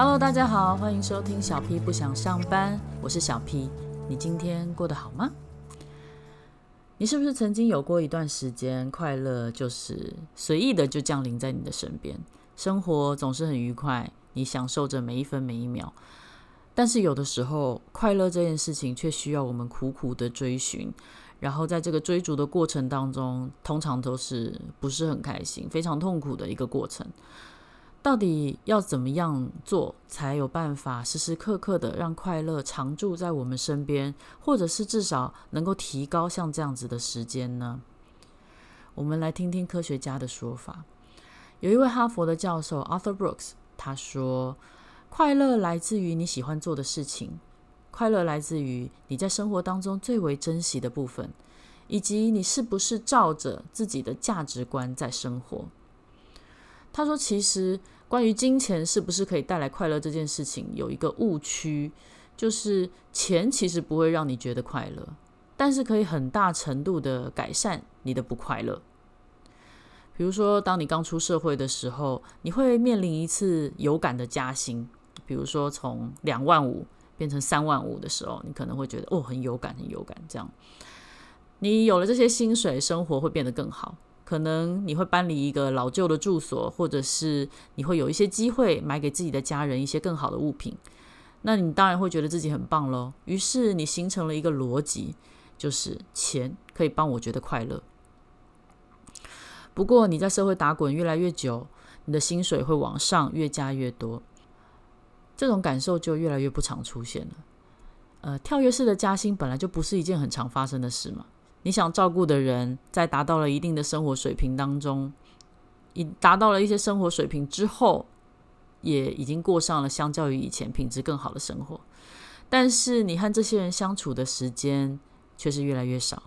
Hello，大家好，歡迎收聽小 P 不想上班，我是小 P。你今天過得好嗎？你是不是曾經有過一段時間，快樂就是隨意的就降臨在你的身邊，生活總是很愉快，你享受着每一分每一秒。但是有的時候，快樂這件事情卻需要我們苦苦的追尋，然後在這個追逐的過程當中，通常都是不是很開心，非常痛苦的一個過程。到底要怎麼樣做，才有辦法時時刻刻的讓快樂常駐在我們身邊，或者是至少能夠提高像這樣子的時間呢？我們來聽聽科學家的說法。有一位哈佛的教授 Arthur Brooks，他說：“快樂來自於你喜歡做的事情，快樂來自於你在生活當中最為珍惜的部分，以及你是不是照着自己的價值觀在生活。”他說：“其實。”關於金錢是不是可以帶來快樂這件事情，有一個誤區，就是錢其實不會讓你覺得快樂，但是可以很大程度的改善你的不快樂。比如說，當你剛出社會的時候，你會面臨一次有感的加薪，比如說從兩萬五變成三萬五的時候，你可能會覺得哦，很有感，很有感，這樣。你有了這些薪水，生活會變得更好。可能你會搬離一個老舊的住所，或者是你會有一些機會買給自己的家人一些更好的物品，那你當然會覺得自己很棒嘍。於是你形成了一個邏輯，就是錢可以幫我覺得快樂。不過你在社會打滾越來越久，你的薪水會往上越加越多，這種感受就越來越不常出現了。呃，跳躍式的加薪本來就不是一件很常發生的事嘛。你想照顧的人，在達到了一定的生活水平當中，已達到了一些生活水平之後，也已經過上了相較於以前品質更好的生活，但是你和這些人相處的時間卻是越來越少。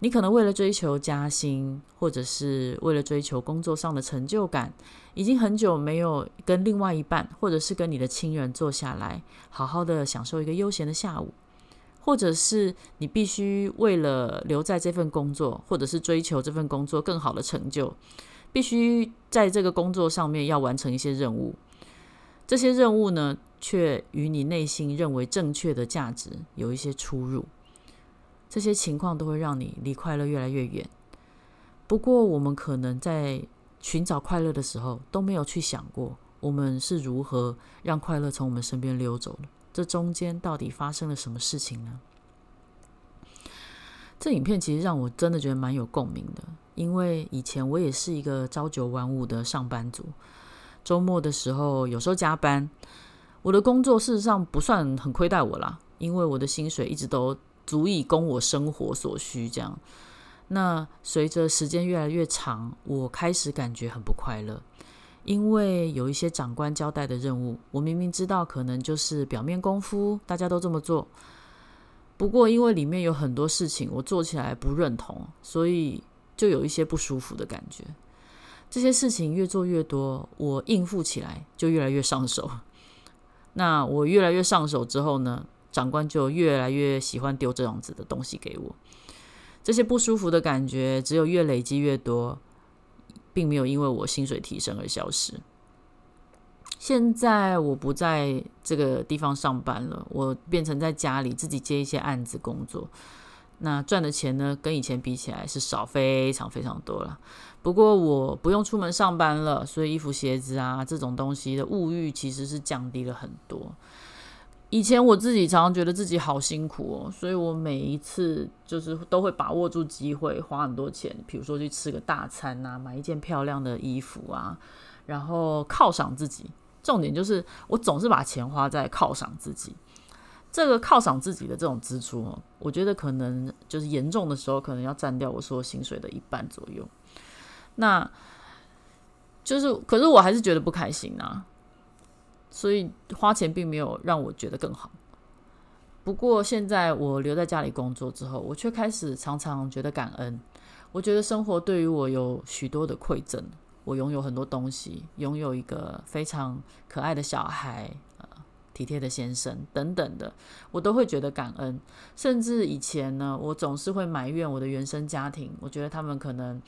你可能為了追求加薪，或者是為了追求工作上的成就感，已經很久沒有跟另外一半，或者是跟你的親人坐下來，好好的享受一個悠閒的下午。或者是你必須為了留在這份工作，或者是追求這份工作更好的成就，必須在這個工作上面要完成一些任務。這些任務呢，卻與你內心認為正確的價值有一些出入。這些情況都會讓你離快樂越來越遠。不過，我們可能在尋找快樂的時候，都沒有去想過，我們是如何讓快樂從我們身邊溜走的。這中間到底發生了什麼事情呢？這影片其實讓我真的覺得蠻有共鳴的，因為以前我也是一個朝九晚五的上班族，周末的時候有時候加班。我的工作事實上不算很虧待我啦，因為我的薪水一直都足以供我生活所需。這樣，那隨着時間越來越長，我開始感覺很不快樂。因為有一些長官交代的任務，我明明知道可能就是表面功夫，大家都這麼做。不過，因為裡面有很多事情我做起來不認同，所以就有一些不舒服的感覺。這些事情越做越多，我應付起來就越來越上手。那我越來越上手之後呢，長官就越來越喜歡丟這樣子的東西給我。這些不舒服的感覺，只有越累積越多。並沒有因為我薪水提升而消失。現在我不在這個地方上班了，我變成在家裡自己接一些案子工作。那賺的錢呢，跟以前比起來是少非常非常多了。不過我不用出門上班了，所以衣服、鞋子啊這種東西的物欲其實是降低了很多。以前我自己常常覺得自己好辛苦哦，所以我每一次就是都會把握住機會花很多錢，比如說去吃個大餐吶、啊，買一件漂亮的衣服啊，然後犒賞自己。重點就是我總是把錢花在犒賞自己。這個犒賞自己的這種支出哦，我覺得可能就是嚴重的時候，可能要占掉我所有薪水的一半左右。那就是，可是我還是覺得不開心吶、啊。所以花錢並沒有讓我覺得更好。不過現在我留在家裡工作之後，我卻開始常常覺得感恩。我覺得生活對於我有許多的饋贈，我擁有很多東西，擁有一個非常可愛的小孩。體貼的先生等等的，我都會覺得感恩。甚至以前呢，我總是會埋怨我的原生家庭，我覺得他們可能，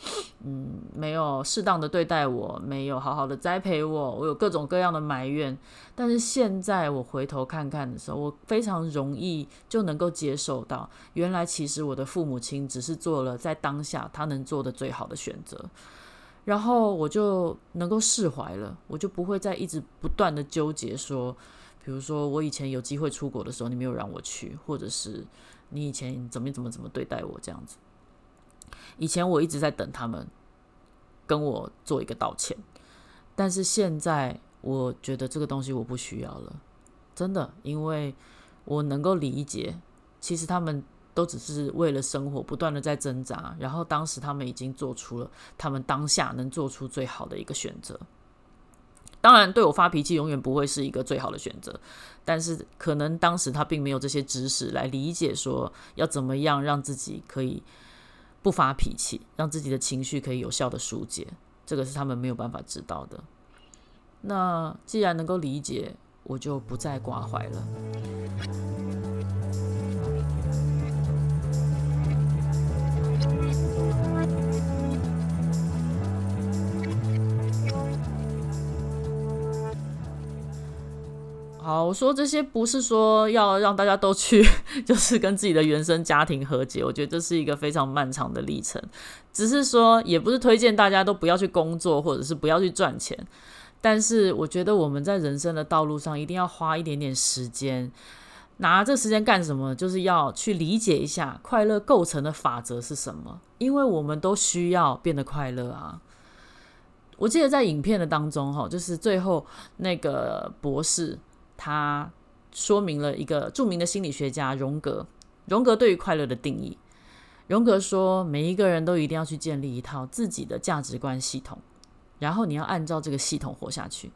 嗯，沒有適當的對待我，沒有好好的栽培我，我有各種各樣的埋怨。但是現在我回頭看看的時候，我非常容易就能夠接受到，原來其實我的父母親只是做了在當下他能做的最好的選擇，然後我就能夠釋懷了，我就不會再一直不斷的糾結說，比如說，我以前有機會出國的時候，你沒有讓我去，或者是你以前怎麼怎麼怎麼對待我這樣子。以前我一直在等他們跟我做一個道歉，但是現在我覺得這個東西我不需要了，真的，因為我能夠理解，其實他們都只是為了生活不斷的在掙扎，然後當時他們已經做出了他們當下能做出最好的一個選擇。當然，對我發脾氣永遠不會是一個最好的選擇，但是可能當時他並沒有這些知識來理解，說要怎麼樣讓自己可以不發脾氣，讓自己的情緒可以有效的疏解，這個是他們沒有辦法知道的。那既然能夠理解，我就不再掛懷了。好，我說這些不是說要讓大家都去，就是跟自己的原生家庭和解。我覺得這是一個非常漫長的歷程。只是說，也不是推薦大家都不要去工作，或者是不要去賺錢。但是，我覺得我們在人生的道路上一定要花一點點時間。拿這時間幹什麼？就是要去理解一下快樂構成的法則是什麼，因為我們都需要變得快樂啊。我記得在影片的當中，哈，就是最後那個博士。他說明了一個著名的心理學家榮格。榮格對於快樂的定義，榮格說，每一個人都一定要去建立一套自己的價值觀系統，然後你要按照這個系統活下去。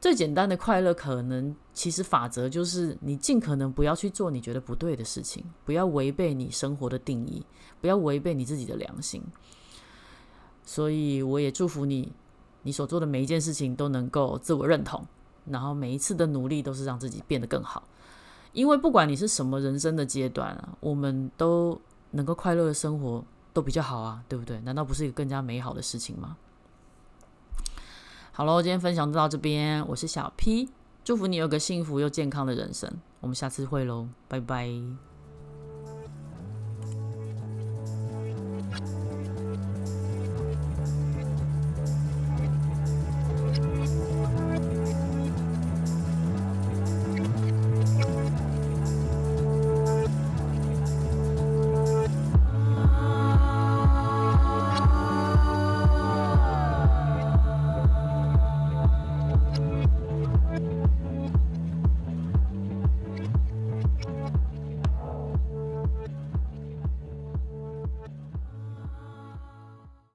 最簡單的快樂，可能其實法則就是，你盡可能不要去做你覺得不對的事情，不要違背你生活的定義，不要違背你自己的良心。所以，我也祝福你，你所做的每一件事情都能夠自我認同。然後每一次的努力都是讓自己變得更好，因為不管你是什麼人生的階段啊，我們都能夠快樂的生活都比較好啊，對不對？難道不是一個更加美好的事情嗎？好嘍，今天分享就到這邊，我是小 P，祝福你有個幸福又健康的人生，我們下次會嘍，拜拜。